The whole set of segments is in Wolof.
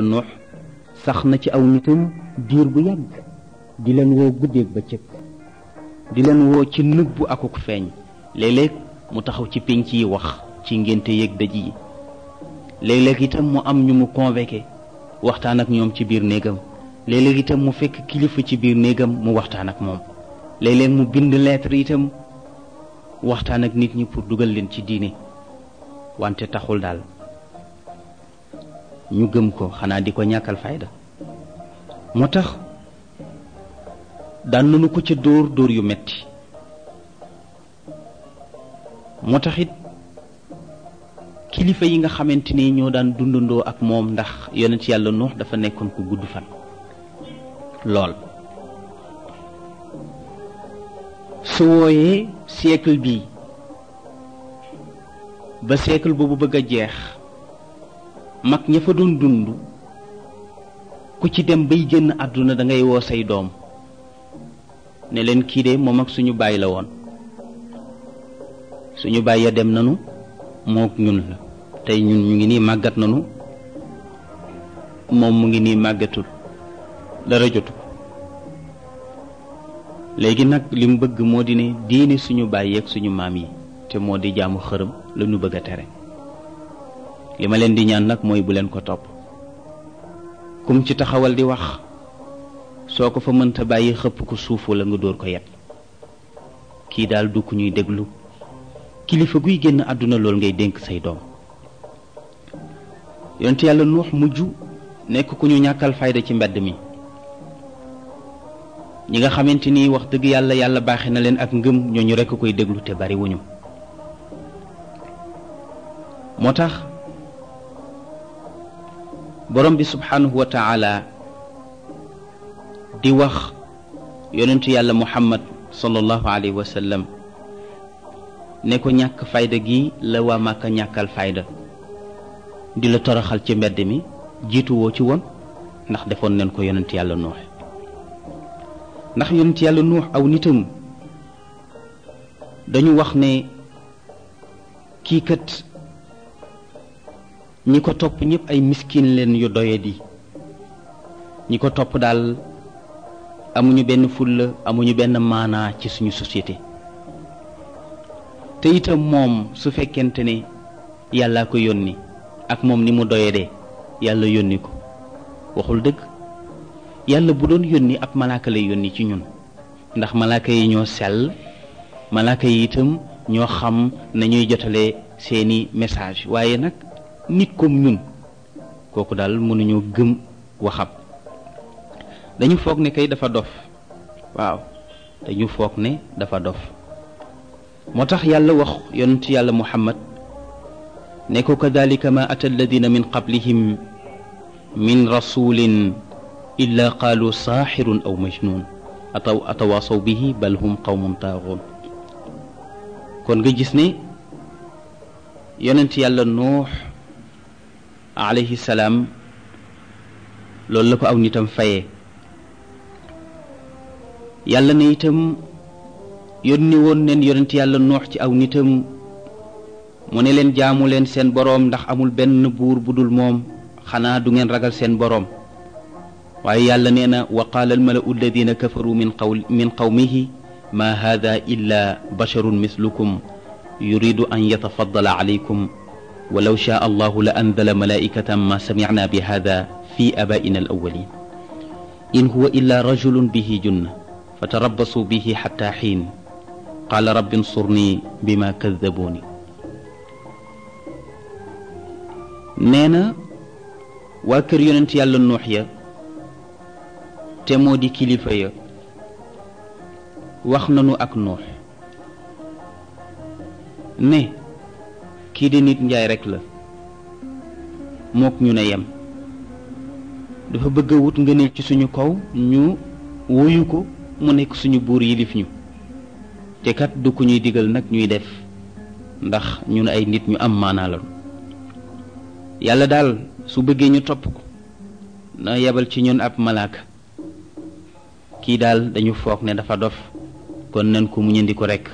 nuux sax na ci aw nitam diir bu yàgg di leen woo guddeeg bëccëg di leen woo ci nëbbu akuk feeñ léegléeg mu taxaw ci pénc yi wax ci ngénte yëg dëj yi léeg-léeg itam mu am ñu mu convoqué waxtaan ak ñoom ci biir néegam léeg itam mu fekk kilifa ci biir néegam mu waxtaan ak moom léeg-léeg mu bind lettre itam waxtaan ak nit ñi pour dugal leen ci diine wante taxul daal ñu gëm ko xanaa di ko ñàkkal fayda moo tax daan nañu ko ca dóor dóor yu metti moo taxit kilifa yi nga xamante ni ñoo daan dundandoo ak moom ndax yonent yàlla nuux dafa nekkoon ko gudd fan lool su wooyee siècle bii ba siècle boobu bëgg a jeex mag ña fa doon dund ku ci dem bay génn àdduna da ngay woo say doom ne leen kii de moom ak suñu baay la woon suñu baay ya dem nanu mook ñun la tey ñun ñu ngi nii màggat nanu moom mu ngi nii màggatul dara jotu ko léegi nag lim bëgg moo di ne diine suñu baay yeeg suñu maam yi te moo di jaamu xërëm la ñu bëgg a tere li ma leen di ñaan nag mooy bu leen ko topp kum ci taxawal di wax soo ko fa mënta bàyyi xëpp ko suuf wala nga dóor ko yet kii daal du ku ñuy déglu kilifa guy génn àdduna lool ngay dénk say doom yonent yàlla nuux mujj nekk ku ñu ñàkkal fayda ci mbedd mi ñi nga xamante ni wax dëgg yàlla yàlla baaxe na leen ak ngëm ñooñu rekk koy déglu te bariwuñu borom bi subhanahu wa taala di wax yonentu yàlla muhammad sallallahu alayhi wa sallam ne ko ñak fayda gi la waa màkka ñakal fayda di la toroxal ci mbedd mi jitu wo ci won ndax defon nañ ko yonent yàlla nuh ndax yonent yàlla nuh aw nitam dañu wax ne ki kat ñi ko topp ñëpp ay miskin leen yu doyadi ñi ko topp daal amuñu benn fulla amuñu benn maanaa ci suñu société te itam moom su fekkente ne yàllaa ko yónni ak moom ni mu doyadee yàlla yónni ko waxul dëgg yàlla bu doon yónni ab malaaka lay yónni ci ñun ndax malaaka yi ñoo sell malaaka yi itam ñoo xam nañuy jotale seeni message waaye nag nit comme ñun kooku daal mënuñoo gëm waxam dañu foog ne kay dafa dof waaw dañu foog ne dafa dof moo tax yàlla wax yonent yàlla muhammad ne ko kadalika ma ata alladina min qablihim min rasulin illa qaalu saaxirun aw majnun ataw atawaasaw bihi bal hum qawmun taaxuun kon nga gis ne yonent yàlla nuux عليه السلام لولاكو او نيتام فاي يالا نيتام يوني وون نين يورنت يالا نوح تي او نيتام مو نيلن جامو لين سين بوروم داخ امول بن بور بودول موم خانا دو نين راغال سين بوروم واي يالا نينا وقال الملأ الذين كفروا من قول من قومه ما هذا الا بشر مثلكم يريد ان يتفضل عليكم ولو شاء الله لأنزل ملائكة ما سمعنا بهذا في أبائنا الأولين إن هو إلا رجل به جنة فتربصوا به حتى حين قال رب انصرني بما كذبوني نينا واكر يننتي على النوحية تمودي كليفية واخننو أك نوح di kii di nit njaay rekk la mook ñu ne yem dafa bëgg wut nga ne ci suñu kaw ñu wuyu ko mu nekk suñu buur yilif ñu te kat du ku ñuy digal nag ñuy def ndax ñu ñun ay nit ñu am maanaa yàlla daal su bëggee ñu topp ko na yebal ci ñun ab malaaka kii daal dañu foog ne dafa dof kon nan ko mu muñandi ko rekk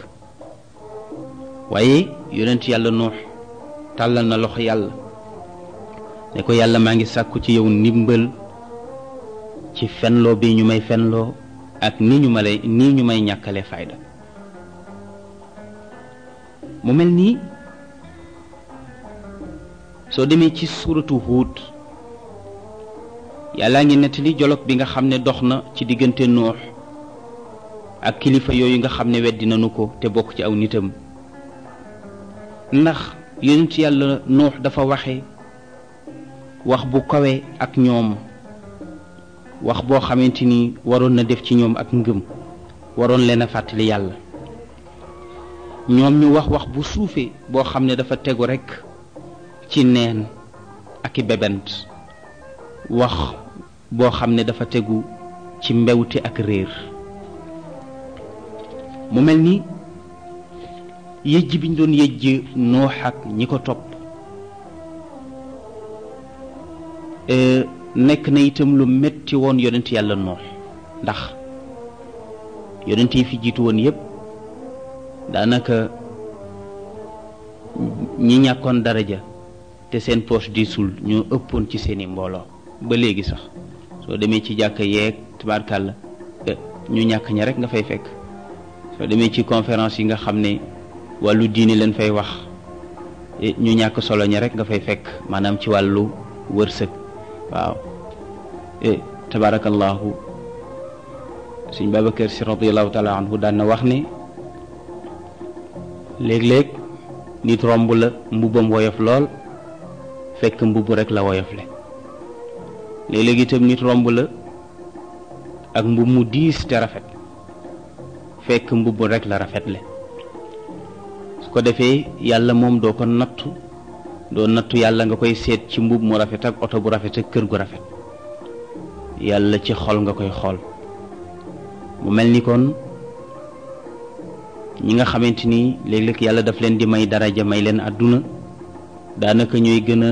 waaye yonent yàlla nuux tàllal na loxo yàlla ne ko yàlla maa ngi sàkku ci yow ndimbal ci fenloo bi ñu may fenloo ak ni ñu ma lay nii ñu may ñàkkale fayda mu mel nii soo demee ci suuratu Huud yàllaa ngi nettali jolof bi nga xam ne dox na ci diggante noox ak kilifa yooyu nga xam ne weddi nanu ko te bokk ci aw nitam ndax yonent yàlla nuux dafa waxe wax bu kawe ak ñoom wax boo xamante ni waroon na def ci ñoom ak ngëm waroon leen a fàttali yàlla ñoom ñu wax wax bu suufee boo xam ne dafa tegu rekk ci neen ak i bebent wax boo xam ne dafa tegu ci mbewte ak réer mu mel ni yëjj bi ñu doon yëjj noox ak ñi ko topp e, nekk na itam lu metti woon yonent yàlla noox ndax yonent yi fi jiitu woon yépp daanaka ñi ñàkkoon dara ja te seen poche di diisul ñoo ëppoon ci seeni mbooloo ba léegi sax soo demee ci jàkka yeeg la e, ñu ñàkk ña rek nga fay fekk soo demee ci conférence yi nga xam ne wàllu diini leen fay wax eh, ñu ñàkk solo ñi rek nga fay fekk maanaam ci wàllu wërsëg waaw eh, tabaarakallaahu suñ Babacar si radiallahu taala anhu daan na wax ni léeg-léeg nit romb la mbubbam woyof lool fekk mbubb rek la woyof le léeg-léeg itam nit romb la ak mbubb mu diis te rafet fekk mbubb rek la rafet le ko defee yàlla moom doo ko nattu doo nattu yàlla nga koy seet ci mbubb mu rafet ak oto bu rafet ak kër gu rafet yàlla ci xool nga koy xool mu mel ni kon ñi nga xamante ni léeg-léeg yàlla daf leen di may daraja may leen àdduna daanaka ñooy gën a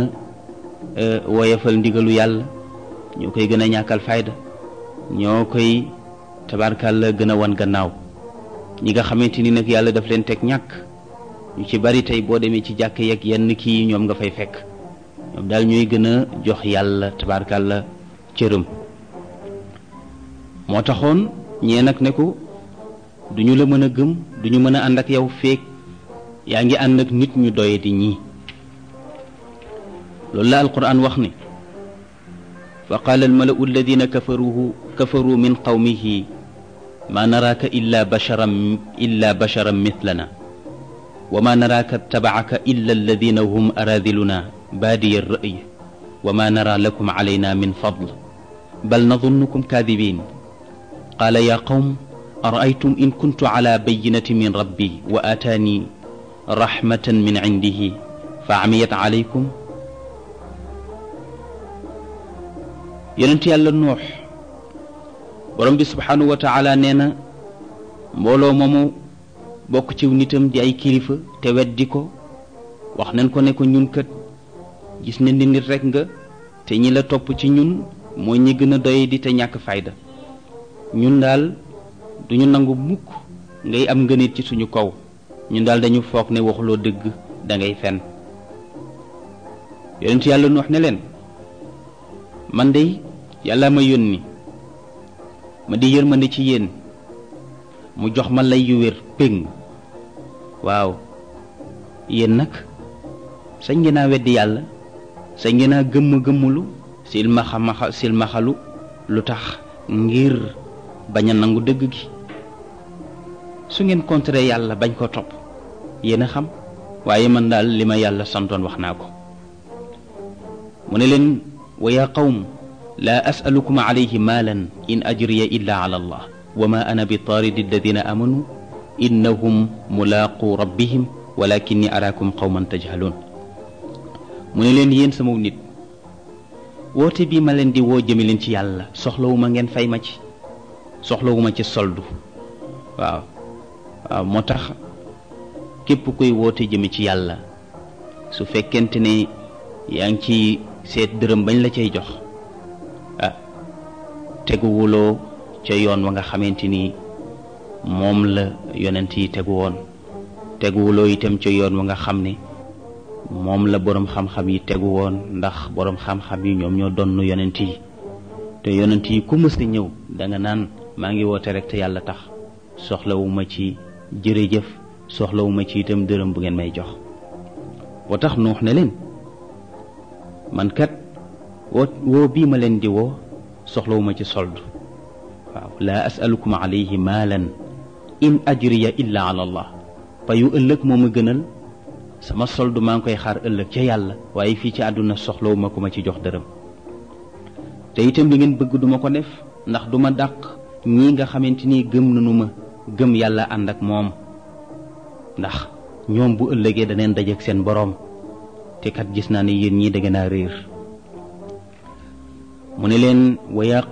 e, woyefal ndigalu yàlla ñoo koy gën a ñàkkal fayda ñoo koy tabarkàlla gën a wan gannaaw ñi nga xamante ni nag yàlla daf leen teg ñàkk ñu ci bari tey boo demee ci jàkk yeeg yenn kii ñoom nga fay fekk ñoom daal ñooy gën a jox yàlla tabaarkàlla cërëm moo taxoon ñee nag ne ko du ñu la mën a gëm du ñu mën a ànd ak yow feek yaa ngi ànd ak nit ñu di ñii loolu la alquran wax ni fa qaala almalau alladina kafaruhu kafaru min qawmihi ma naraaka illa basharan illa basharan mithlana وما نراك اتبعك إلا الذين هم أراذلنا بادي الرأي وما نرى لكم علينا من فضل بل نظنكم كاذبين قال يا قوم أرأيتم إن كنت على بينة من ربي وآتاني رحمة من عنده فعميت عليكم yonent النوح ورمبي سبحانه وتعالى نينا مولو مومو bokk ciw nitam di ay kilifa te weddi ko wax nañ ko ne ko ñun kat gis nañ ni nit nga te ñi la topp ci ñun mooy ñi gën a doy di te ñàkk fayda ñun daal duñu nangu mukk ngay am ngënit ci suñu kaw ñun daal dañu foog ne waxuloo dëgg dangay ngay fen yonent yàlla nu wax ne leen man de yàlla ma yónni ma di yërmande ci yéen mu jox ma lay yu wér péng waaw yéen nag sañ ngeen a yàlla sañ ngeen a gëmm gëmmulu silmaxa maxa silmaxalu lu tax ngir bañ a nangu dëgg gi su ngeen contrer yàlla bañ koo topp yéen a xam waaye man daal li ma yàlla santoon wax naa ko mu ne leen wa yaa qawm laa asalukum alayhi maalan in ajriya illa allah wa ma ana bi taaridi alladina amanu innahum mulaaqu rabbihim walakinni araakum qawman tajhaluun mu ne leen yéen sama nit woote bii ma leen di woo jëme leen ci yàlla soxlawuma ngeen fay ma ci soxlawuma ci soldu waaw waaw moo tax képp koy woote jëme ci yàlla su fekkent ne yaa ngi ci seet dërëm bañ la cay jox ah teguwuloo ca yoon wa nga xamante ni moom la yonent yi tegu woon teguwuloo itam ca yoon wa nga xam ni moom la boroom xam-xam yi tegu woon ndax boroom xam-xam yi ñoom ñoo donn yonent yi te yonent yi ku mës ñëw danga naan maa ngi woote rek te yàlla tax soxlawuma ci jërëjëf soxlawuma ci itam dërëm bu ngeen may jox wa tax nuux ne leen man kat woo woo bii ma leen di woo soxlawuma ci sold waaw laa asalukum alayhi maalan in ajriya illa ala allah payu ëllëg moom ma gënal sama soldu maa ngi koy xaar ëllëg ca yàlla waaye fii ci àdduna soxlawu ma ku ma ci jox dërëm te itam li ngeen bëgg duma ko def ndax duma dàq ñii nga xamante ni gëm nanu ma gëm yàlla ànd ak moom ndax ñoom bu ëllëgee daneen dajeek seen boroom te kat gis naa ne yéen ñii da ngeen a réer mu ne leen wa yaa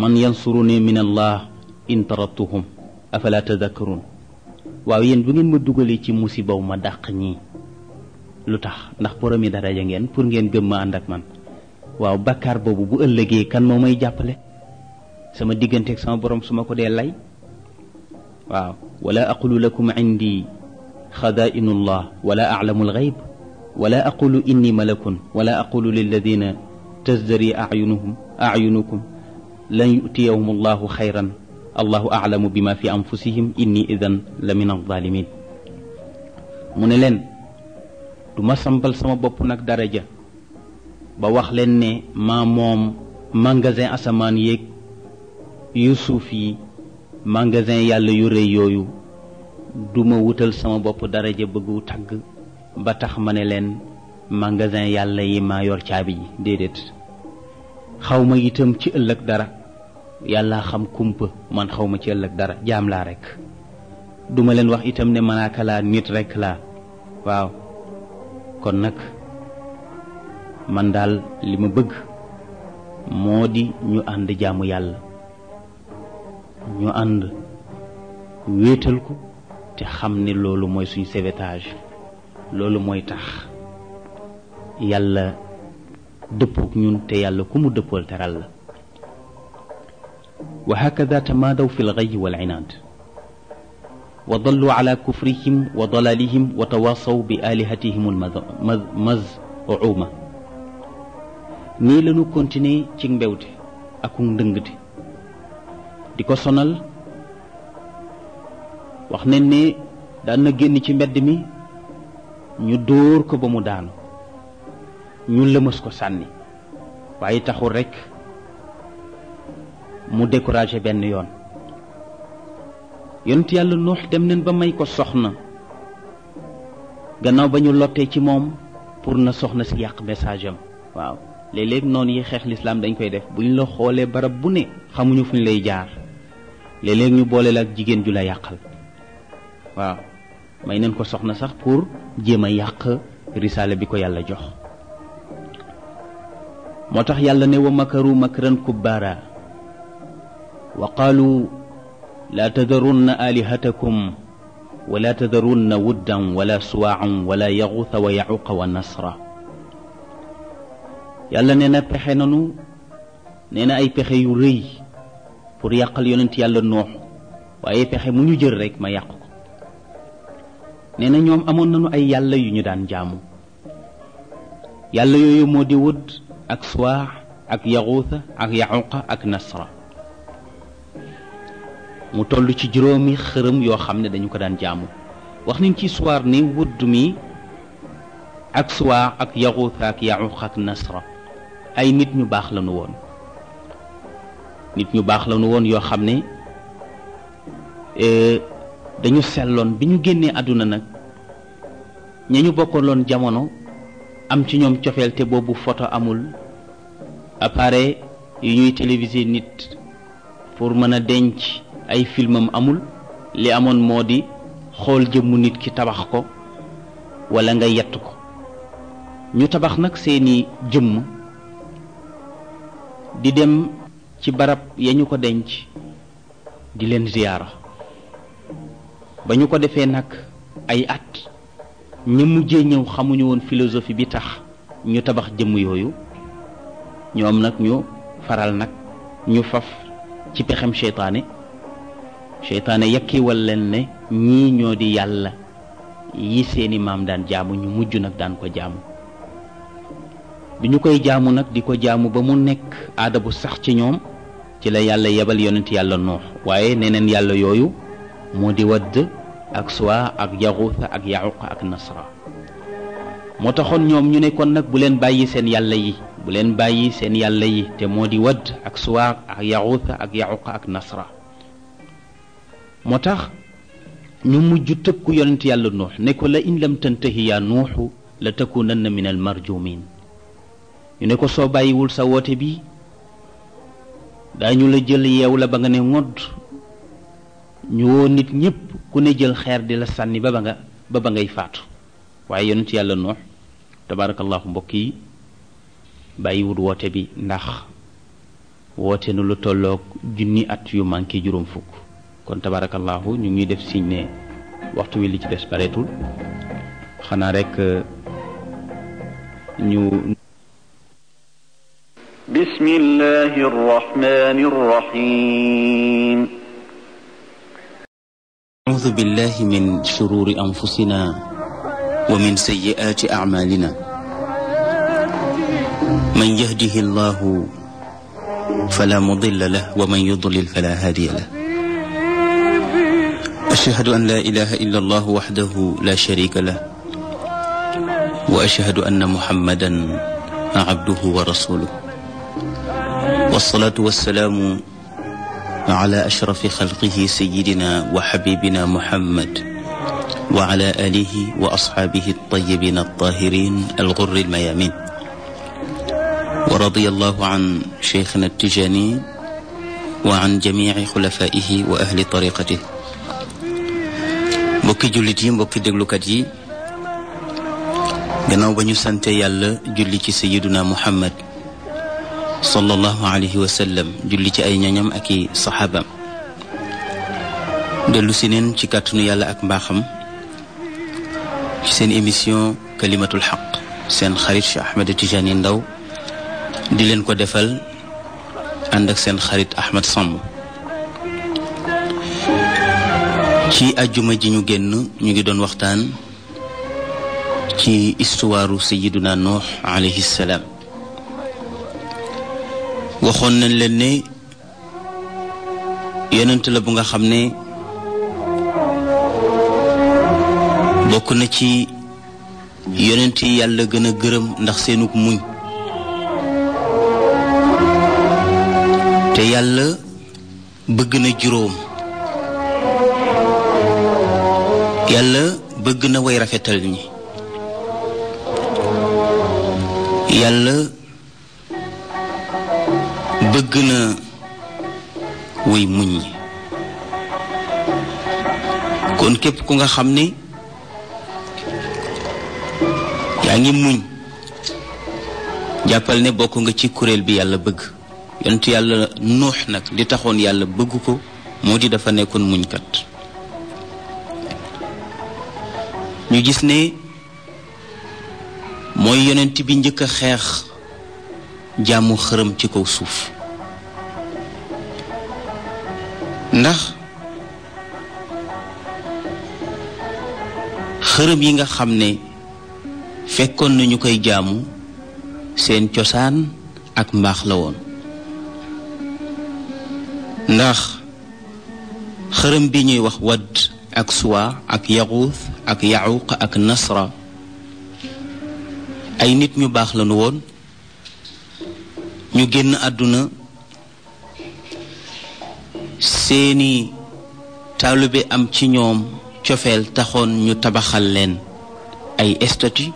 man yansuruni min allah إن طردتهم أفلا تذكرون وأين بعدين مدغلي كي مصيبة وما دقني لطخ نخبر مي دارا جنگن بعدين جمع عندك من واو بكر بابو بو اللعي كان ماما يجابلة سما دين تك سما برام سما كده الله واو ولا أقول لكم عندي خذائن الله ولا أعلم الغيب ولا أقول إني ملك ولا أقول للذين تزدري أعينهم أعينكم لن يؤتيهم الله خيرا allahu aalamu bi ma fi am anfusihim inni idan la min alzalimin mu ne leen du ma sampal sama bopp nag daraja ba wax leen ne ma moom magasin asamaan yéeg yu suuf yi magasin yàlla yu rëy yooyu du ma wutal sama bopp daraja bëggu tagg ba tax ma ne leen magasin yàlla yi maa yor caabi ji déedéet xaw ma itam ci ëllëg dara yàlla xam kumpa man xaw ma ci ëllëg dara jaam laa rek duma leen wax itam ne malaaka laa nit rekk laa waaw kon nag man daal li ma bëgg moo di ñu ànd jaamu yàlla ñu ànd wéetal ko te xam ne loolu mooy suñ sauvetage loolu mooy tax yàlla dëppook ñun te yàlla ku mu dëppool teral la وهكذا تمادوا في الغي والعناد وضلوا على كفرهم وضلالهم وتواصوا بآلهتهم المذعومة nii la ñu continuer ci mbewte ak ndëngte di ko sonal wax nañ ne daan na génn ci mbedd mi ñu dóor ko ba mu daanu ñu lëmas ko sànni waaye taxul rekk mu découragé benn yoon yonent yàlla nuux dem neen ba may ko soxna gannaaw ba ñu lottee ci moom pour na soxna si yàq message am waaw léeg-léeg noonu yi xeex lislaam dañ koy def bu ñu la xoolee barab bu ne xamuñu fu ñu lay jaar léeg ñu boole la ak jigéen ju la yàqal waaw may neen ko soxna sax pour jéem a yàq risaale bi ko yàlla jox moo tax yàlla ne wa makaru makran kubbaara وقالوا لا تذرن آلهتكم ولا تذرن ودا ولا سواعا wala yaxuta wa yaxuqa wa nasra yàlla nee na pexe nanu nee na ay pexe yu rëy pour yàqal yonent yàlla noox waaye pexe mu ñu jël rek ma yàq ko nee na ñoom amoon nañu ay yàlla yu ñu daan jaamu yàlla yooyu moo di wud ak suwaax ak yaxuuta ak yaxuqa ak nasra mu toll ci juróomi xërëm yoo xam ne dañu ko daan jaamu wax nañ ci histoire ni wudd mi ak suwaa ak yaxuut ak yaxuq ak nasra ay nit ñu baax lañu woon nit ñu baax lañu woon yoo xam ne e, dañu selloon bi ñu génnee àdduna nag ña ñu bokkaloon jamono am ci ñoom cofeel te boobu photo amul appareil yu ñuy téléviser nit pour mën a denc ay filmam amul li amoon moo di xool jëmmu nit ki tabax ko walla nga yett ko ñu tabax nag seeni jëmm di dem ci barab ya ñu ko denc di leen ziyaara ba ñu ko defee nag ay at ñu mujjee ñëw xamuñu woon philosophie bi tax ñu tabax jëmm yooyu ñoom nag ñu faral nag ñu faf ci pexem seytaane seytaane yakkiwal leen ne ñii ñoo di yàlla yi seeni maam daan jaamu ñu mujj nag daan ko jaamu bi ñu koy jaamu nag di ko jaamu ba mu nekk aada bu sax ci ñoom ci la yàlla yebal yonent yàlla nuux waaye neneen yàlla yooyu moo di wadd ak suwa ak yaxuusa ak yaxuq ak nasra moo taxoon ñoom ñu ne kon nag bu leen bàyyi seen yàlla yi bu leen bàyyi seen yàlla yi te moo di wadd ak suwa ak yaxuusa ak yaxuq ak nasra moo tax ñu mujj tëkku yonent yàlla nuux ne ko la in lam yaa nuuxu la takunanna min al marjumin ñu ne ko soo bàyyiwul sa woote bi dañu la jël yeew la ba nga ne ngodd ñu woo nit ñépp ku ne jël xeer di la sànni ba ba nga ba ba ngay faatu waaye yonent yàlla nuux tabaarakallahu mbokk yi bàyyiwul woote bi ndax woote na lu tolloog junni at yu manqué juróom fukk kon tabarakallahu ñu ngi def signe waxtu wi li ci dess bareetul xana rek euh, ñu بسم الله الرحمن الرحيم أعوذ بالله من شرور أنفسنا ومن سيئات أعمالنا من يهده الله فلا مضل له ومن يضلل فلا هادي له أشهد أن لا إله إلا الله وحده لا شريك له وأشهد أن محمدا عبده ورسوله والصلاة والسلام على أشرف خلقه سيدنا وحبيبنا محمد وعلى آله وأصحابه الطيبين الطاهرين الغر الميامين ورضي الله عن شيخنا التجاني وعن جميع خلفائه وأهل طريقته mbokki jullit yi mbokki déglukat yi gannaaw ba ñu sante yàlla julli ci sayiduna muhammad sallallahu alayhi wa sallam julli ci ay ñañam ak i saxaabam dellu neen ci kàttanu yàlla ak mbaaxam ci seen émission kalimatul xaq seen xarit Cheikh Ahmed Tidiane Ndao di leen ko defal ànd ak seen xarit Ahmed Samb ci ajjuma ji ñu génn ñu ngi doon waxtaan ci istuwaaru sayiduna nuux alayhi salaam waxoon nañ leen ne yonent la bu nga xam ne bokk na ci yonent yi yàlla gën a gërëm ndax seenug muñ te yàlla bëgg na juróom yàlla bëgg na way rafetal ñi yàlla bëgg na way muñ ñi kon képp ku nga xam ni yaa ngi muñ jàppal ne bokk nga ci kuréel bi yàlla bëgg yonent yàlla nuux nag di taxoon yàlla bëgg ko moo di dafa nekkoon muñkat ñu gis ne mooy yonent bi njëkk a xeex jàmmu xërëm ci kaw suuf ndax xërëm yi nga xam ne fekkoon nañu koy jaamu seen cosaan ak mbaax la woon ndax xërëm bi ñuy wax wadd ak suwa ak yaxuus ak yaxuuq ak nasra ay nit ñu baax lañu woon ñu génn àdduna seeni taalibe am ci ñoom cofeel taxoon ñu tabaxal leen ay statue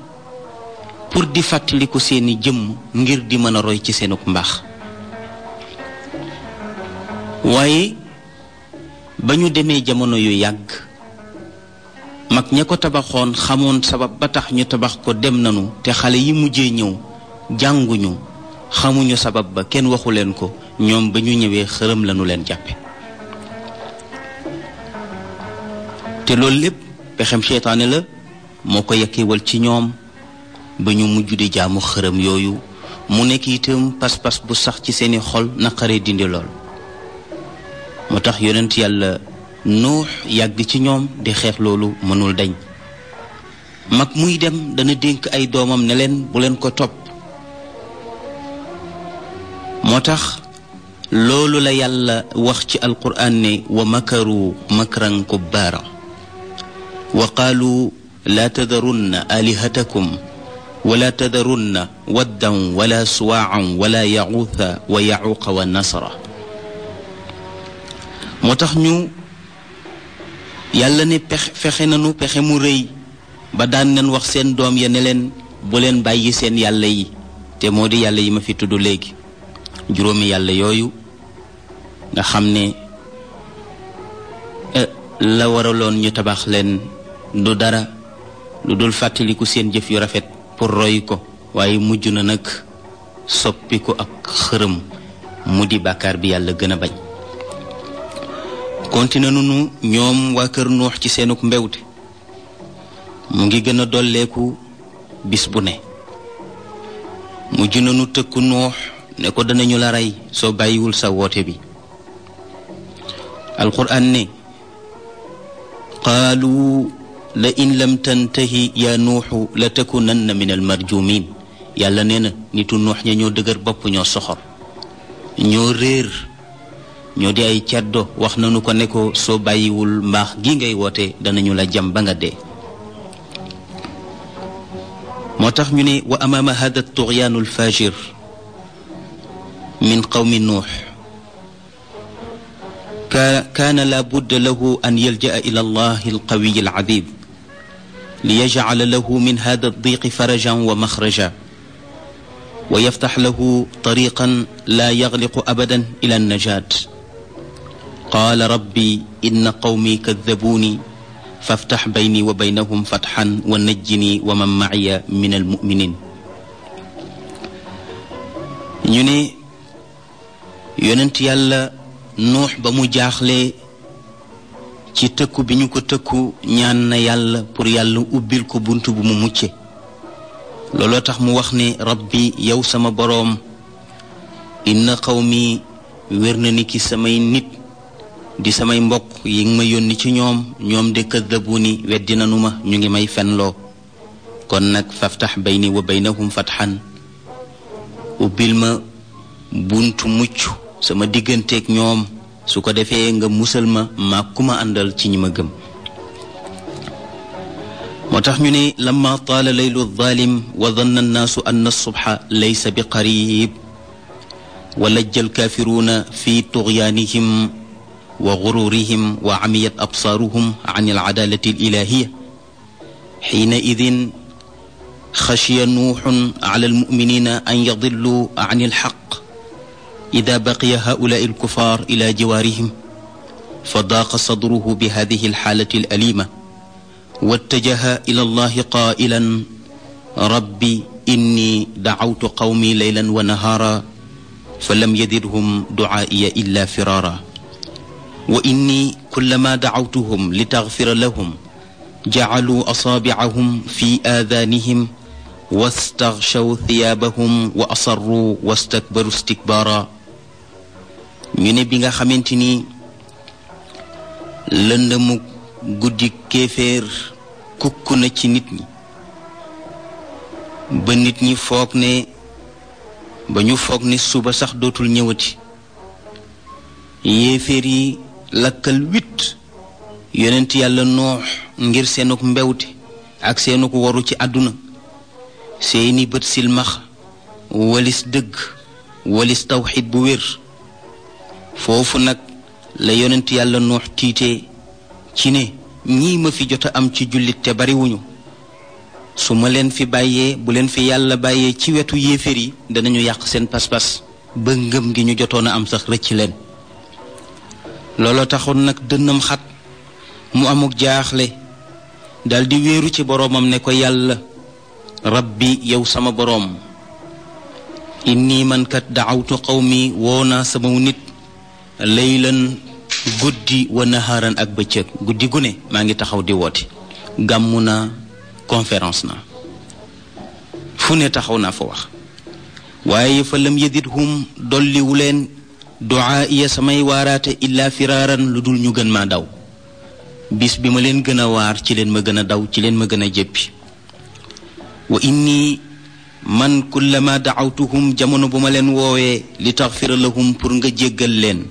pour di fàttaliku seeni jëm ngir di mëna roy ci seenuk mbaax waaye ba ñu demee jamono yu yàgg mag ña ko tabaxoon xamoon sabab ba tax ñu tabax ko dem nanu te xale yi mujjee ñëw jànguñu xamuñu sabab ba kenn waxu leen ko ñoom ba ñu ñëwee xërëm lañu leen jàppe te loolu lépp pexem seytaane la moo ko yekkiwal ci ñoom ba ñu mujj di jàmmu xërëm yooyu mu nekk itam pas-pas bu sax ci seeni xol naqare dindi lool motax yonent yàlla nuh yag ci ñom di xex lolu mënul dañ mak muy dem dana dénk ay domam ne len bu len ko top motax lolu la yàlla wax ci alquran ne wa makaru makran kubara wa qalu la tadarunna alihatakum ولا تذرن ودا ولا سواعا ولا يعوث ويعوق والنصر moo tax ñu yàlla ne pex fexe nanu pexe mu rëy ba daan nañ wax seen doom ya ne leen bu leen bàyyi seen yàlla yi te moo di yàlla yi ma fi tudd léegi juróomi yàlla yooyu nga xam ne eh, la waraloon ñu tabax leen du dara lu dul fàttaliku seen jëf yu rafet pour roy ko waaye mujj na nag soppi ak xërëm mu di bàkkaar bi yàlla gën a bañ continué nunu ñoom waa kër nuux ci seenuk mbewte mu ngi gën a dolleeku bis bu ne mujj nu tëkku nuux ne ko danañu la rey soo bàyyiwul sa woote bi alquran ne qaalu la in lam tantahi yaa nuuxu la takunanna min almarjumin yàlla nee na nitu nuux ña ñoo dëgër bopp ñoo soxor ñoo réer ñoo di ay caddo wax nañu ko ne ko soo bàyyiwul mbaax gi ngay woote danañu la jam ba nga dee moo tax ñu ne wa amama hada tughyaanu alfajir min qawmi nuux كان لا بد له أن يلجأ إلى الله القوي العذيب ليجعل له من هذا الضيق فرجا ومخرجا ويفتح له طريقا لا يغلق أبدا إلى النجاة qaala rabbi inna qawmi kaddabuuni faftax bayni wa baynahum fatxan wa najjini wa man maciya min almuminin ñu ne yonent yàlla nuux ba mu jaaxle ci tëkku bi ñu ko tëkku ñaan na yàlla pour yàlla ubbil ko bunt bu mu mucce looloo tax mu wax ne rabbi yow sama boroom inna qawmi wér na ni ki samay nit di samay mbokk yi nga ma yónni ci ñoom ñoom de kaddabu ni weddi nanu ma ñu ngi may fenloo kon nag faftax bayni wa baynahum fatxan ubbil ma buntu mucc sama digganteeg ñoom su ko defee nga musal ma maag ku ma àndal ci ñi ma gëm moo tax ñu ne lamma taala laylu zaalim wa danna annaasu anna subha laysa bi qarib wa lajja alkaafiruuna fi tuxyaanihim وغرورهم وعميت أبصارهم عن العدالة الإلهية حينئذ خشي نوح على المؤمنين أن يضلوا عن الحق إذا بقي هؤلاء الكفار إلى جوارهم فضاق صدره بهذه الحالة الأليمة واتجه إلى الله قائلا ربي إني دعوت قومي ليلا ونهارا فلم يذرهم دعائي إلا فرارا وإني كلما دعوتهم لتغفر لهم جعلوا أصابعهم في آذانهم واستغشوا ثيابهم وأصروا واستكبروا استكبارا ñu ne bi nga xamante ni lëndëmu guddi kéeféer kukk na ci nit ñi ba nit ñi foog ne ba ñu foog ne suba sax dootul ñëwati yéeféer yi lakkal huit yonent yàlla noox ngir seenuk mbewte ak seenuk waru ci àdduna seeni bët silmax walis dëgg walis tawxid bu wér foofu nag la yonent yàlla noox tiitee ci ne ñii ma fi jot a am ci jullit te bariwuñu su ma leen fi bàyyee bu leen fi yàlla bàyyee ci wetu yéeféer yi danañu yàq seen paspas pas ba ngëm gi ñu jotoon a am sax rëcc leen loola taxoon nag dënnam xat mu amuk jaaxle daldi wéeru ci boroomam ne ko yàlla rabbi yow sama boroom inni man kat daawtu qawmi woo naa sama nit laylan guddi wa naharan ak bëccëg guddi gu ne maa ngi taxaw di woote gàmmu naa conférence na fu ne taxaw naa fa wax waaye fa lam yadidhum dolliwu ducaa iya samay waaraate illaa firaaran lu dul ñu gën ma daw bis bi ma leen gën a waar ci leen ma gën a daw ci leen ma gën a jéppi wa inni man kullama dacawtuhum jamono bu ma leen woowee li taxfira lahum pour nga jéggal leen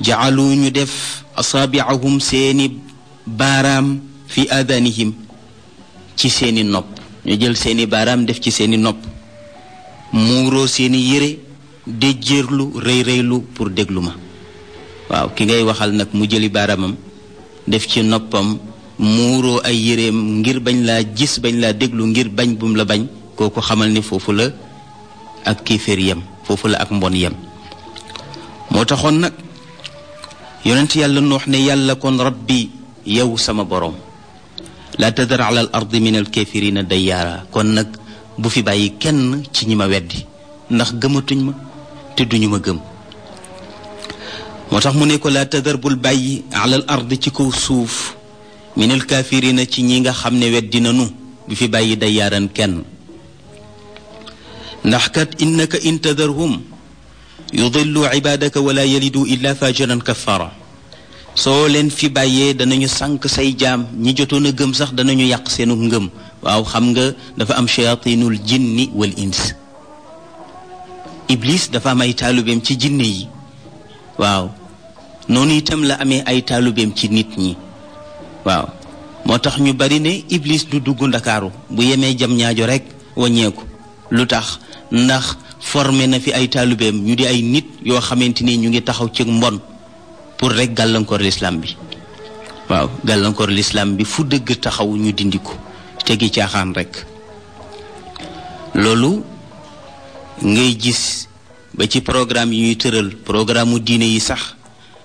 jacalu ñu def asaabiahum seeni baaraam fi aadaanihim ci seeni nopp ñu jël seeni baaraam def ci seeni nopp muuroo seeni yére de jërlu rëy pour déglu ma waaw ki ngay waxal nag mu jëli baaraamam def ci noppam muuroo ay yéreem ngir bañ laa gis bañ laa déglu ngir bañ bum la bañ koo ko xamal ni foofu la ak kéeféer yam foofu la ak mbon yam moo taxoon nag yonent yàlla noox ne yàlla kon bi yow sama boroom la tadar ala al ardi min al kaafirina dayyaara kon nag bu fi bàyyi kenn ci ñi ma weddi ndax gëmatuñ ma te duñu ma gëm moo tax mu ne ko laa tadar bul bàyyi alal ard ci kaw suuf minal kaafirina ci ñi nga xam ne weddi nanu du fi bàyyi day yaaran kenn ndax kat innaka in tadarhum yudillu ibadaka wala yalidu illa fajiran kafara soo leen fi bàyyee danañu sànq say jaam ñi jotoon a gëm sax danañu yàq seenu ngëm waaw xam nga dafa am shayatinul jinni wal ins Iblis dafa am ay taalubeem ci jinne yi waaw noonu itam la amee ay taalubeem ci nit ñi waaw moo tax ñu bari ne ibliis du dugg ndakaaru bu yemee jam ñaajo rekk waññeeku lu tax ndax formé na fi ay taalubeem ñu di ay nit yoo xamante ni ñu ngi taxaw ci mbon pour rekk gàllankoor lislaam bi waaw gàllankoor lislaam bi fu dëgg taxaw ñu dindi ko tegi caaxaan rekk loolu ngay gis ba ci programme yi ñuy tëral programme mu diine yi sax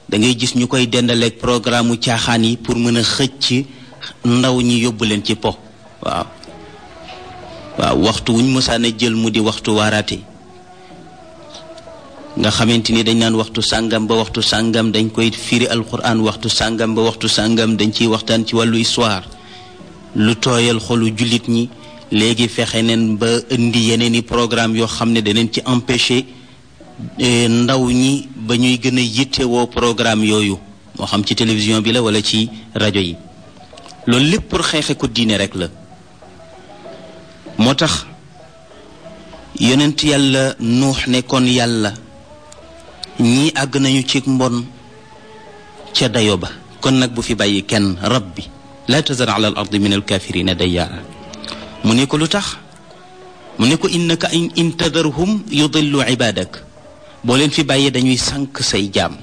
dangay gis ñu koy dendaleeg programme mu caaxaan yi pour mën a xëcc ndaw ñi yóbbu leen ci pok waaw waaw waxtu wuñ mësaan a jël mu di waxtu waaraate nga xamante ni dañ naan waxtu sàngam ba waxtu sàngam dañ koy firi alquran waxtu sàngam ba waxtu sàngam dañ ciy waxtaan ci wàllu histoire lu tooyal xolu jullit ñi léegi fexe neen ba indi yeneen i programme yoo xam ne daneen ci empêché ndaw ñi ba ñuy gën a yittewoo programme yooyu moo xam ci télévision bi la wala ci rajo yi loolu lépp pour xeexe ko diine rek la moo tax yonent yàlla nuux kon yàlla ñii àgg nañu ci mbon ca dayo ba kon nag bu fi bàyyi kenn rabbi laa tazar ala al ardi min alkafirina dayyaara mu ne ko lu tax mu ne ko innaka in tadarhum yudillu ibadak boo leen fi bàyyee dañuy sànq say jaam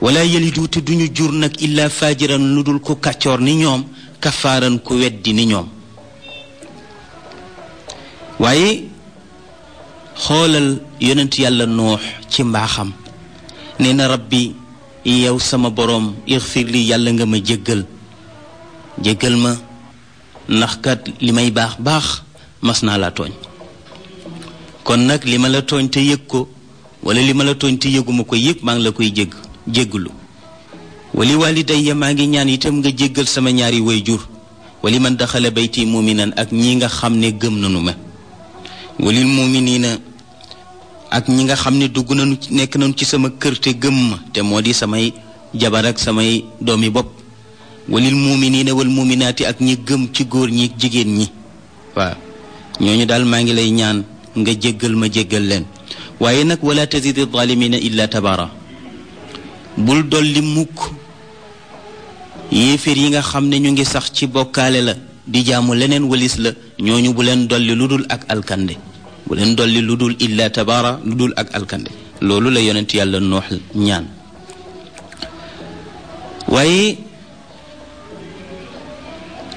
wala yalidu te duñu jur nag illaa faajiran lu dul ku kàccoor ni ñoom kafaaran ku weddi ni ñoom waaye xoolal yonent yàlla nuux ci mbaaxam nee na rab bi yow sama boroom ixfir li yàlla nga ma jéggal jéggal ma ndax kat li may baax baax mas naa laa tooñ kon nag li ma la tooñ te yëg ko wala li ma la tooñ te yëguma ko yëpp maa ngi la koy jégg jégglu wali waalidayya maa ngi ñaan itam nga jéggal sama ñaari wayjur wali man daxala bayti muminan ak ñi nga xam ne gëm nanu ma nii na ak ñi nga xam ne dugg nanu nekk nanu ci sama kër te gëm ma te moo di samay jabar ak samay doomi bopp walil muuminiina wal muuminaati ak ñi gëm ci góor ñi jigéen ñi waaw ñu daal maa ngi lay ñaan nga jéggal ma jéggal leen waaye nag wala tazidi zaalimiina illa tabara bul dolli mukk yéeféer yi nga xam ne ñu ngi sax ci bokkaale la di jaamu leneen walis la ñoo bu leen dolli lu dul ak alkande bu dolli lu dul illa tabara lu dul ak alkande loolu la yonent yàlla noox ñaan waaye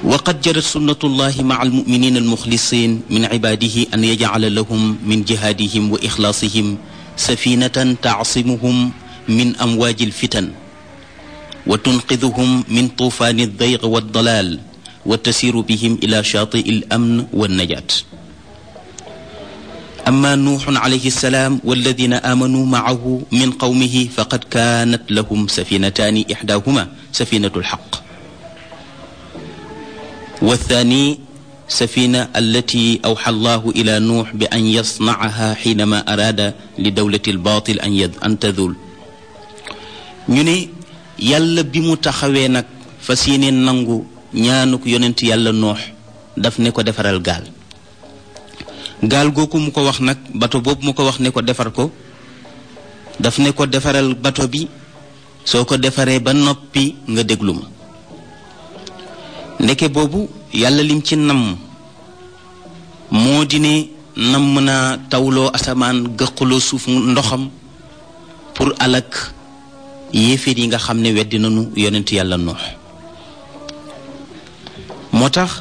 وقد جرت سنة الله مع المؤمنين المخلصين من عباده أن يجعل لهم من جهادهم وإخلاصهم سفينة تعصمهم من أمواج الفتن وتنقذهم من طوفان الضيق والضلال وتسير بهم إلى شاطئ الأمن والنجاة أما نوح عليه السلام والذين آمنوا معه من قومه فقد كانت لهم سفينتان إحداهما سفينة الحق والثاني سفينة التي أوحى الله إلى نوح بأن يصنعها حينما أراد لدولة الباطل أن, يد أن تذول نيني يالا بيمو تخاوي نك فسيني نانغو ñaanuk yonent yàlla noox daf ne ko defaral gaal gaal googu mu ko wax nag bato boobu mu ko wax ne ko defar ko daf ne ko defaral bato bi soo ko defaree ba noppi nga déglu ma ndeke boobu yàlla lim ci namm moo di ne namm naa tawloo asamaan gëqaloo suuf ndoxam pour alak yéeféer yi nga xam ne weddi nañu yonent yàlla noox moo tax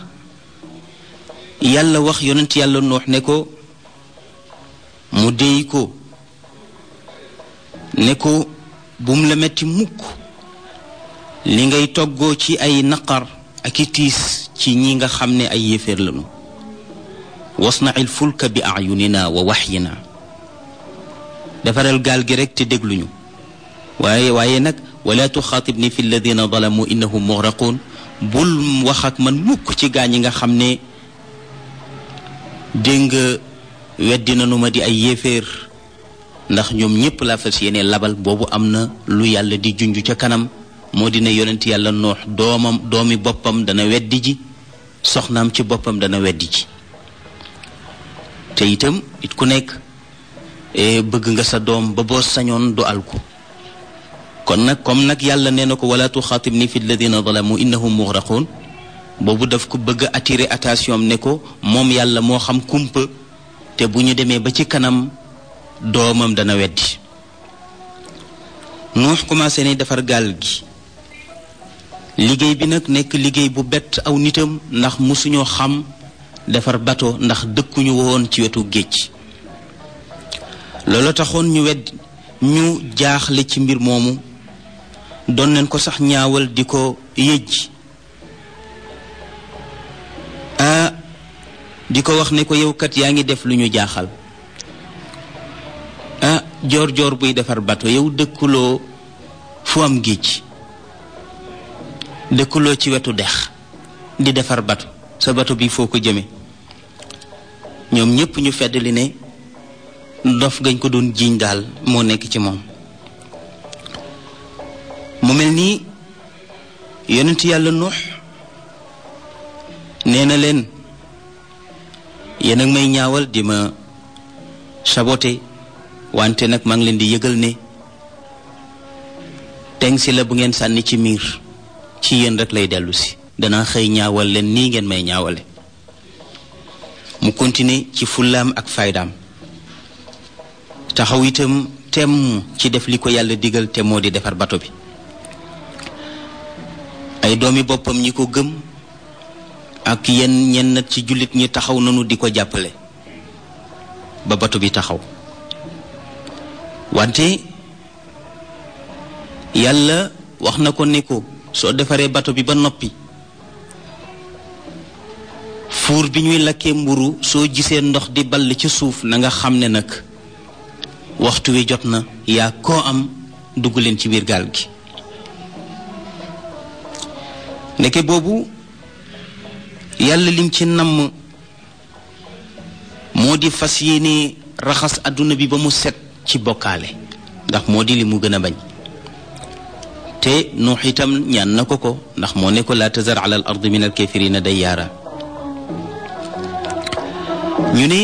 yàlla wax yonent yàlla noox ne ko mu déy ko ne ko bum la metti mukk li ngay toggoo ci ay naqar ak i tiis ci ñi nga xam ne ay yéeféer lañu wasnail fulka bi ayunina wa waxyina defaral gaal gi rek te dégluñu waaye waaye nag wala tuxaatibni fi alladina zalamu innahum muxraqun bul wax ak man mukk ci gaa ñi nga xam ne dégg nga weddi nanu ma di ay yéeféer ndax ñoom ñépp laa fas yéene labal boobu am na lu yàlla di junj ca kanam moo dina yonent yàlla noox doomam doomi boppam dana weddi ji soxnaam ci boppam dana weddi ji te itam it ku nekk e, bëgg nga sa doom ba boo sañoon du alku kon nag comme nag yàlla nee na ko wala tuxaatib ni fi lladina zalamu innahum muxraqun boobu daf ko bëgg attire attirer attention ne ko moom yàlla moo xam kumpa te bu ñu demee ba ci kanam doomam dana weddi nuux commencé ne defar gaal gi liggéey bi nag nekk liggéey bu bett aw nitam ndax mosuñoo xam defar bato ndax dëkkuñu woon ci wetu géej loolu taxoon ñu wet ñu jaaxle ci mbir moomu doon nañ ko sax ñaawal di ko yëj ah di ko wax ne ko yow yaa ngi def lu ñu jaaxal ah joor joor buy defar bato yow dëkkuloo fu am géej dëkkuloo ci wetu dex di defar batu sa batu bi foo ko jëme ñoom ñépp ñu fedd li ne dof gañ ko doon jiiñ daal moo nekk ci moom mu mel nii yonent yàlla nuux nee na leen yéen ak may ñaawal di ma sabote wante nag maa ngi leen di yëgal ne teng si la bu ngeen sànni ci miir ci yéen rek lay dellusi dana danaa xëy ñaawal leen nii ngeen may ñaawale mu continuer ci fullaam ak faydaam taxaw itam temm ci def li ko yàlla digal te moo di defar bato bi ay doomi boppam ñi ko gëm ak yenn ñenn ci jullit ñi taxaw nanu di ko jàppale ba bato bi taxaw wante yàlla wax na ko ne soo defaree bato bi ba noppi fuur bi ñuy lakkee mburu soo gisee ndox di ball ci suuf na nga xam ne nag waxtu wi jot na yaa koo am dugg leen ci biir gaal gi ndeke boobu yàlla lim ci namm moo di fas yéene raxas àdduna bi ba mu set ci bokkaale ndax moo di li mu gën a bañ te nuux itam ñaan na ko ko ndax moo ne ko laa tazar ala al ardi min al day dayyaara ñu ni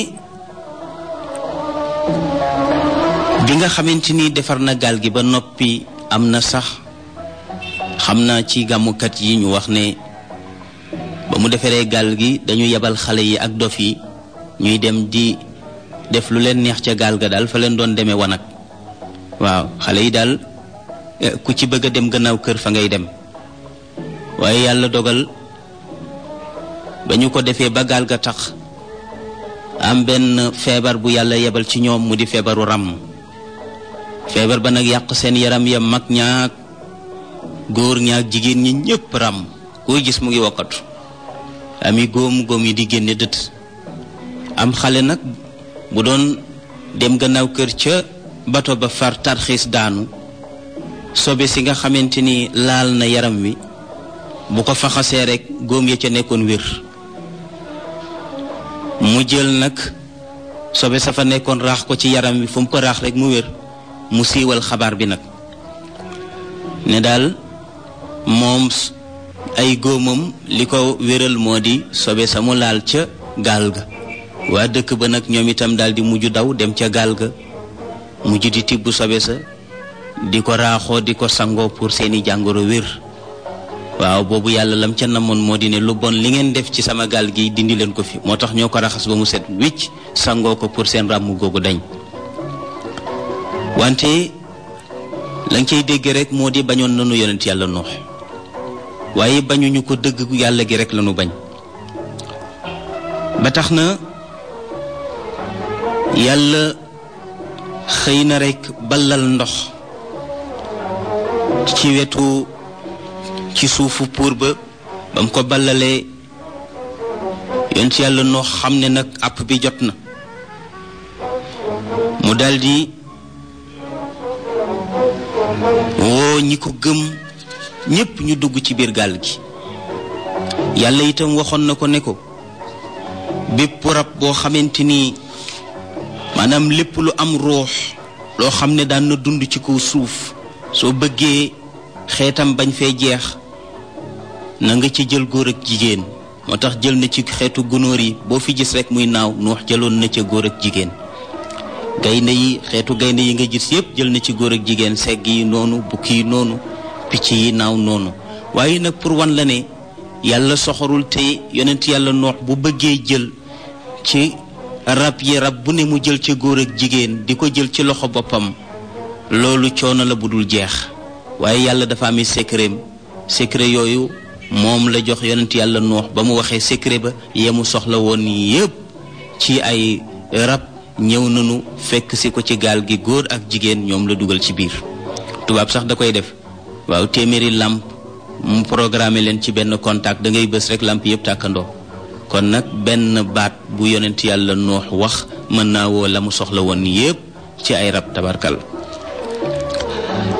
bi nga xamante ni defar na gaal gi ba noppi am na sax xam naa ci gàmmukat yi ñu wax ne ba mu defaree gaal gi dañu yebal xale yi ak dof yi ñuy dem di def lu leen neex ca gaal ga daal fa leen doon demee wanag waaw xale yi daal Eh, ku ci bëgg a dem gannaaw kër fa ngay dem waaye yàlla dogal ba ñu ko defee ba gaal ga tax am benn feebar bu yàlla yebal ci ñoom mu di feebaru ràmm feebar ba nag yàq seen yaram ya mag ñaag góor ñaag jigéen ñi ñépp ràmm koo gis mu ngi wokkatu ami góom góom yi di génne dët am xale nag bu doon dem gannaaw kër ca bato ba far tarxiis daanu sobe si nga xamante ni laal na yaram wi bu ko faxasee rekk góom ya ca nekkoon wér mu jël nag sobe sa fa nekkoon raax ko ci yaram wi fu mu ko raax rek mu wér mu siiwal xabaar bi nag ne daal moom ay góomam li ko wéral moo di sobe sa mu laal ca gaal ga waa dëkk ba nag ñoom itam daal di mujj daw dem ca gaal ga mujj di tibb sobe sa di ko raaxoo di ko sangoo pour seeni jàngoro wér waaw boobu yàlla lam ca namoon moo di ne lu bon li ngeen def ci sama gaal gi dindi leen ko fi moo tax ñoo ko raxas ba mu set wicc sangoo ko pour seen ràmm googu dañ wante lañ cay dégg rek moo di bañoon nanu yonent yàlla nuux waaye bañuñu ko dëgg yàlla gi rek lanu bañ ba tax na yàlla xëy na rekk balal ndox ci wetu ci suufu puur ba ba mu ko ballalee yoon ci yàlla noo xam ne nag àpp bi jot na mu daldi woo ñi ko gëm ñépp ñu dugg ci biir gaal gi yàlla itam waxoon na ko ne ko bépp rab boo xamante ni maanaam lépp lu am ruux loo xam ne daan dund ci kaw suuf soo bëggee xeetam bañ fee jeex na nga ci jël góor ak jigéen moo tax jël na ci xeetu gunóor yi boo fi gis rekk muy naaw nuux jëloon na ca góor ak jigéen gaynde yi xeetu gaynde yi nga gis yépp jël na ci góor ak jigéen segg yi noonu bukki yi noonu picc yi naaw noonu waaye nag pour wan la ne yàlla soxorul te yonent yàlla noox bu bëggee jël ci rab yi rab bu ne mu jël ci góor ak jigéen di ko jël ci loxo boppam loolu coono la bu dul jeex waaye yàlla dafa amee secret secret yooyu moom la jox yonent yàlla noox ba mu waxee secret ba yemu soxla woon yépp ci ay rab ñëw nañu fekk si ko ci gaal gi góor ak jigéen ñoom la dugal ci biir tubaab sax da koy def waaw téeméeri làmp mu programme leen ci benn contact da ngay bës rek làmp yépp tàkkandoo kon nag benn baat bu yonent yàlla nuux wax mën naa woo la mu soxla woon yépp ci ay rab tabarkal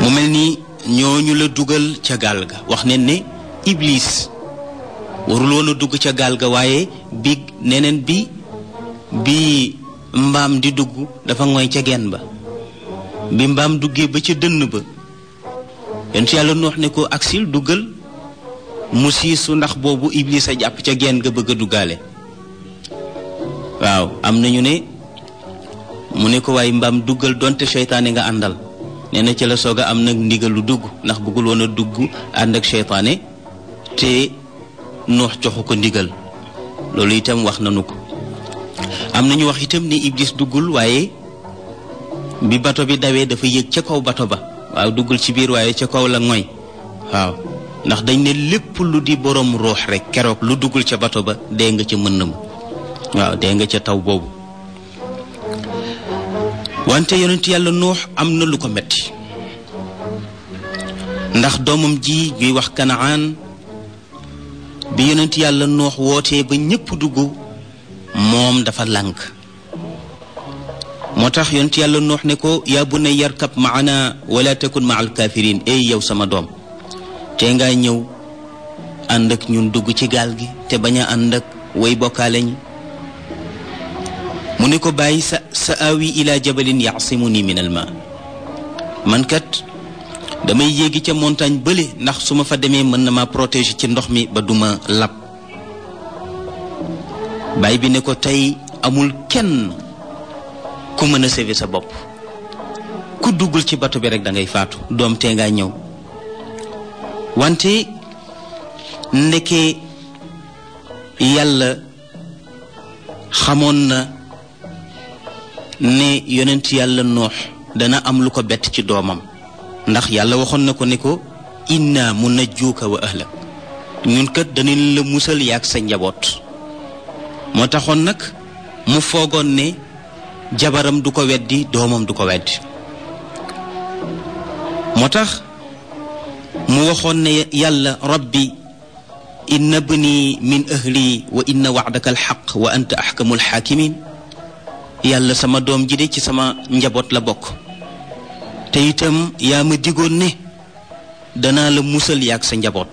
mu mel ni ñooñu la dugal ca gaal ga wax ne ne iblis warul dugg ca gaal ga waaye bi neneen bi bi mbaam di dugg dafa ngoy ca genn ba bi mbaam dugge ba ca dënn ba yonent yàlla noox ne ko aksil duggal mu siisu ndax boobu iblis a jàpp ca genn ga bëgg a duggaale waaw am na ñu ne mu ne ko waaye mbaam duggal donte seytaane nga àndal nee na ci la soog a am nag ndigal lu dugg ndax bëggul woon a dugg ànd ak seytaane te noox joxu ko ndigal loolu itam wax nanu ko am nañu wax itam ni iblis duggul waaye bi bato bi dawee dafa yéeg ca kaw bato ba waaw duggul ci biir waaye ca kaw la ngoy waaw ndax dañ ne lépp lu di borom ruux rek keroog lu duggul ca bato ba dee nga ca mën na mu waaw dee nga ca taw boobu wante yonent yàlla nuux am na lu ko metti ndax doomam ji ñuy wax kanaan bi yonent yàlla noox woote ba ñépp dugg moom dafa lànk moo tax yonent yàlla noox ne ko yàbbu na ne yarkab maana wala takun ma alkaafiriin ey yow sama doom te ngaa ñëw ànd ak ñun dugg ci gaal gi te bañ a ànd ak way bokkaale mu ne ko bàyyi sa sa awi ila jabalin yaasimuni min al ma man kat damay yéegi ca montagne bële ndax su ma fa demee mën na ma protéger ci ndox mi ba duma lab baay bi ne ko tey amul kenn ku mën a sauver sa bopp ku duggul ci bato bi rek da ngay faatu doom tee ngaa ñëw wante ndeke yàlla xamoon na ne yonent yàlla noox dana am lu ko bett ci doomam ndax yàlla waxoon na ko ne ko inna munajjuuka wa ahlak ñun kat danañ la musal yaag sa njaboot moo taxoon nag mu foogoon ne jabaram du ko weddi doomam du ko weddi moo tax mu waxoon ne yàlla rabbi inna bni min ahli wa inna wa'daka alxaq wa anta axkamul xaakimin yàlla sama doom ji de ci sama njaboot la bokk te itam yaa ma digoon ne danaa la musal yaag sa njaboot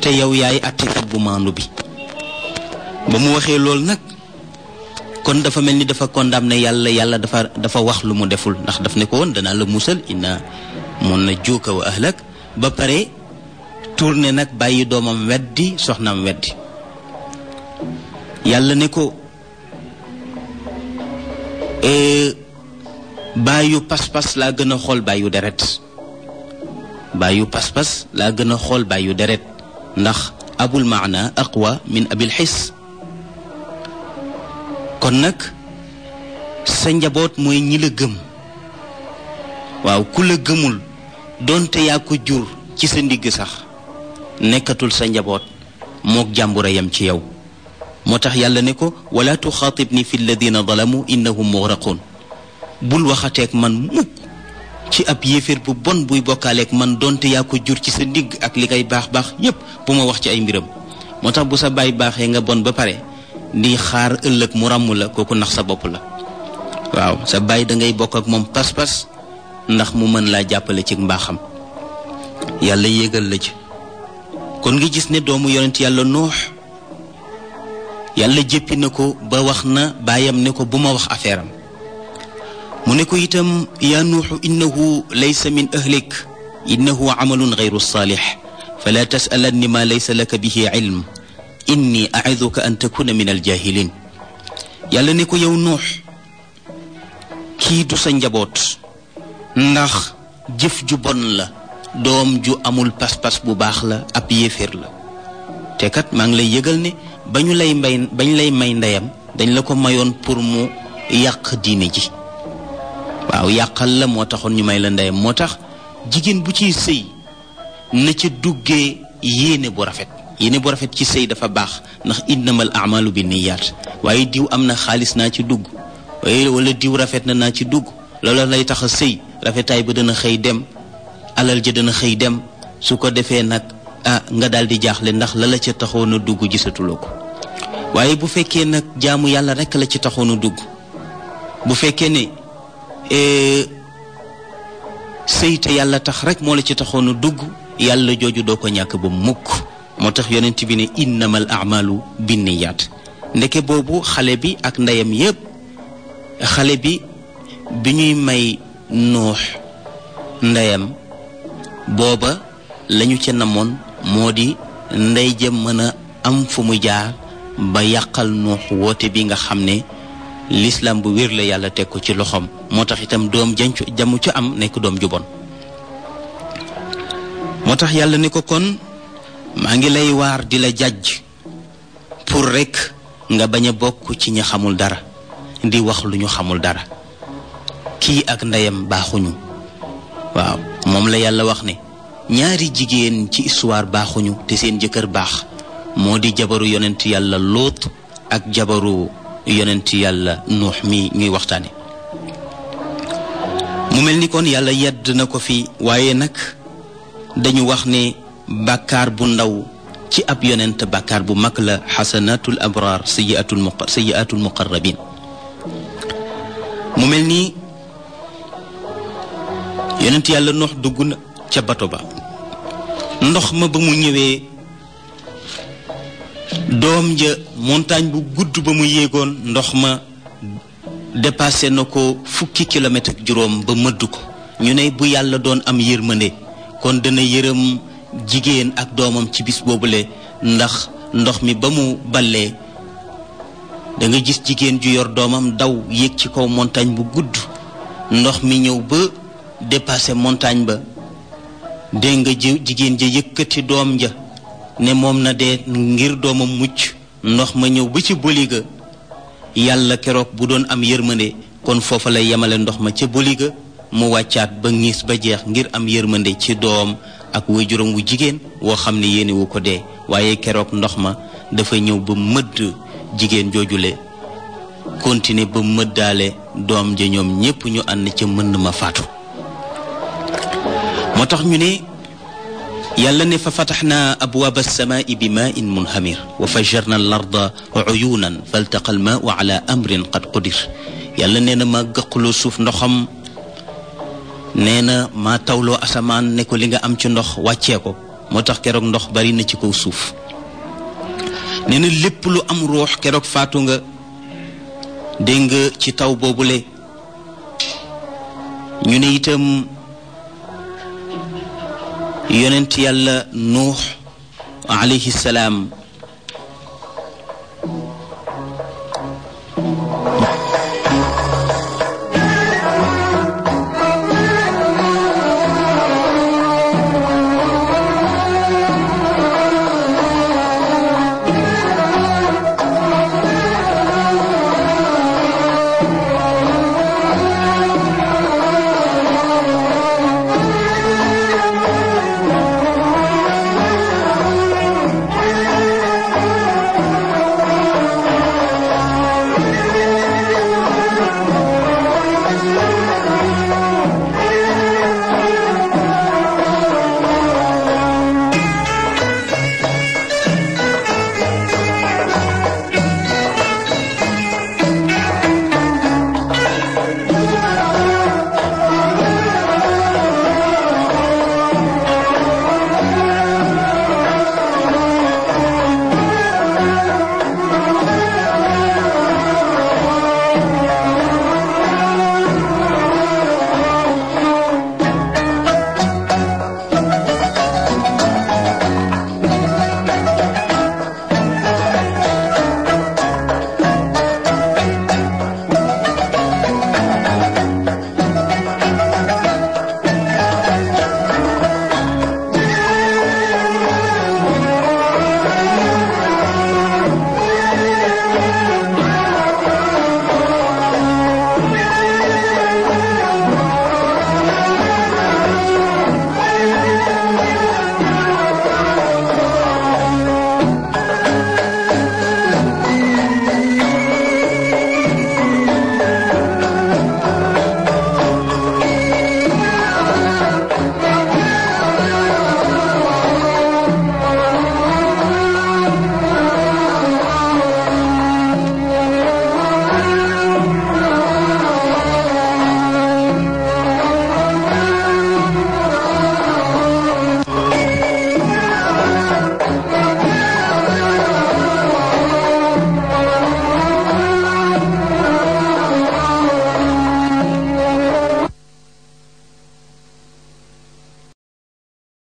te yow yaay àttekat bu maandu bi ba mu waxee loolu nag kon dafa mel ni dafa ne yàlla yàlla dafa dafa wax lu mu deful ndax daf ne ko woon danaa la musal inna mun na juuka wa ba pare tourné nag bàyyi doomam weddi soxnaam weddi yàlla ne ko Eh, bàyyu pas-pas laa gën a xool bàyyu deret bàyyu pas-pas laa gën a xool bàyyu deret ndax abul maana aqwa min abil xis kon nag sa njaboot mooy ñi la gëm waaw ku la gëmul doonte yaa ko jur ci sa ndigg sax nekkatul sa njaboot mook jàmbura yam ci yow motax yàlla ne ko wala tuxaatibni fi lladina zalamu innahum mughraqun bul waxate ak man mukk ci ab yefer bu bon buy bokale ak man donte ya ko jur ci sa dig ak li bax bax yep buma wax ci ay mbiram motax bu sa baay baxe nga bon ba pare ni xaar euleuk mu ramu la koku nax sa bop la waaw sa baay da ngay bok ak mom pas-pas ndax mu man la jàppale ci mbaxam yàlla yegal la ci kon nga gis ne doomu yonent yàlla noox yàlla jéppi na ko ba wax na baayam ne ko bu ma wax affaire am mu ne ko itam yaa nuuxu innahu laysa min ahlik innahu amalun gayru saalix fala tasalanni ma laysa laka bihi ilm inni aiduka an takuna min aljahilin yàlla ne ko yow nuux kii du sa njaboot ndax jëf ju bon la doom ju amul pas-pas bu baax la ab yéeféer la te kat maa lay yëgal ne bañu lay may bañ lay may ndeyam dañ la ko mayoon pour mu yàq diine ji waaw yàqal la moo taxoon ñu may la ndeyam moo tax jigéen bu ciy sëy na ca duggee yéene bu rafet yéene bu rafet ci sëy dafa baax ndax innamal amalu bi niyaat waaye diw am na xaalis naa ci dugg waaye wala diw rafet na naa ci dugg loola lay tax a sëy rafetaay ba dana xëy dem alal ja dana xëy dem su ko defee nag ah nga daal di jaaxle ndax la la ca taxoon a dugg gisatuloo ko waaye bu fekkee nag jaamu yàlla rekk la ci taxoonu dugg bu fekkee ne eh, sëyte yàlla tax rek moo la ci taxoonu dugg yàlla jooju doo ko ñàkk ba mukk moo tax yonent bi ne innamal amalu binniyaat ndeke boobu xale bi ak ndeyam yépp xale bi bi ñuy may nuux ndeyam booba lañu ca namoon moo di ndey ja mën a am fu mu jaar ba yàqal nu woote bi nga xam ne lislaam bu wér la yàlla teg ko ci loxoom moo tax itam doom jancu jamu ci am nekk doom ju moo tax yàlla ne ko kon maa ngi lay waar di la jàjj pour rekk nga bañ a bokk ci ñi xamul dara di wax lu ñu xamul dara kii ak ndeyam baaxuñu waaw moom la yàlla wax ne ñaari jigéen ci histoire baaxuñu te seen jëkkër baax moo di jabaru yonent yàlla loot ak jabaru yonent yàlla nuux mi ñuy waxtaane mu mel ni kon yàlla yedd na ko fi waaye nag dañu wax ne bàkkaar bu ndaw ci ab yonent bàkkaar bu mag la xasanatul abraar sayiatul mu sayiatul muqarrabin mu mel ni yonent yàlla nuux dugg na ca bato ba ndox ma ba mu ñëwee doom ja montagne bu gudd ba mu yéegoon ndox ma dépassé na ko fukki kilomètre ak juróom ba mëdd ko ñu ne bu yàlla doon am yërmande kon dana yërëm jigéen ak doomam ci bis boobu boobule ndax ndox mi ba mu ballee da gis jigéen ju yor doomam daw yéeg ci kaw montagne bu gudd ndox mi ñëw ba dépassé montagne ba dégg nga jigéen ja yëkkati doom ja ne moom na dee ngir doomam mucc ndox ma ñëw ba ci boliga yàlla keroog bu doon am yërmande kon foofa lay yemale ndox ma ca boliga mu wàccaat ba ngiis ba jeex ngir am yërmënde ci doom ak waajuram wu jigéen woo xam ne yéene wu ko dee waaye keroog ndox ma dafa ñëw ba mëdd jigéen joojule continuer ba mëddaale doom ja ñoom ñépp ñu ànd ca mën ma faatu moo tax ñu ne yàlla ne fa fataxnaa abwaaba alsamaai bi maa in munhamir wa fajjarna al arda uyunan faltaqa almaau ala amrin qad qudir yàlla nee na maa gàquloo suuf ndoxam nee na maa tawloo asamaan ne ko li nga am ci ndox wàccee ko moo tax keroog ndox bari na ci kaw suuf nee na lépp lu am ruux keroog faatu nga dégg nga ci taw boobule ñu ne itam يننتي الله نوح عليه السلام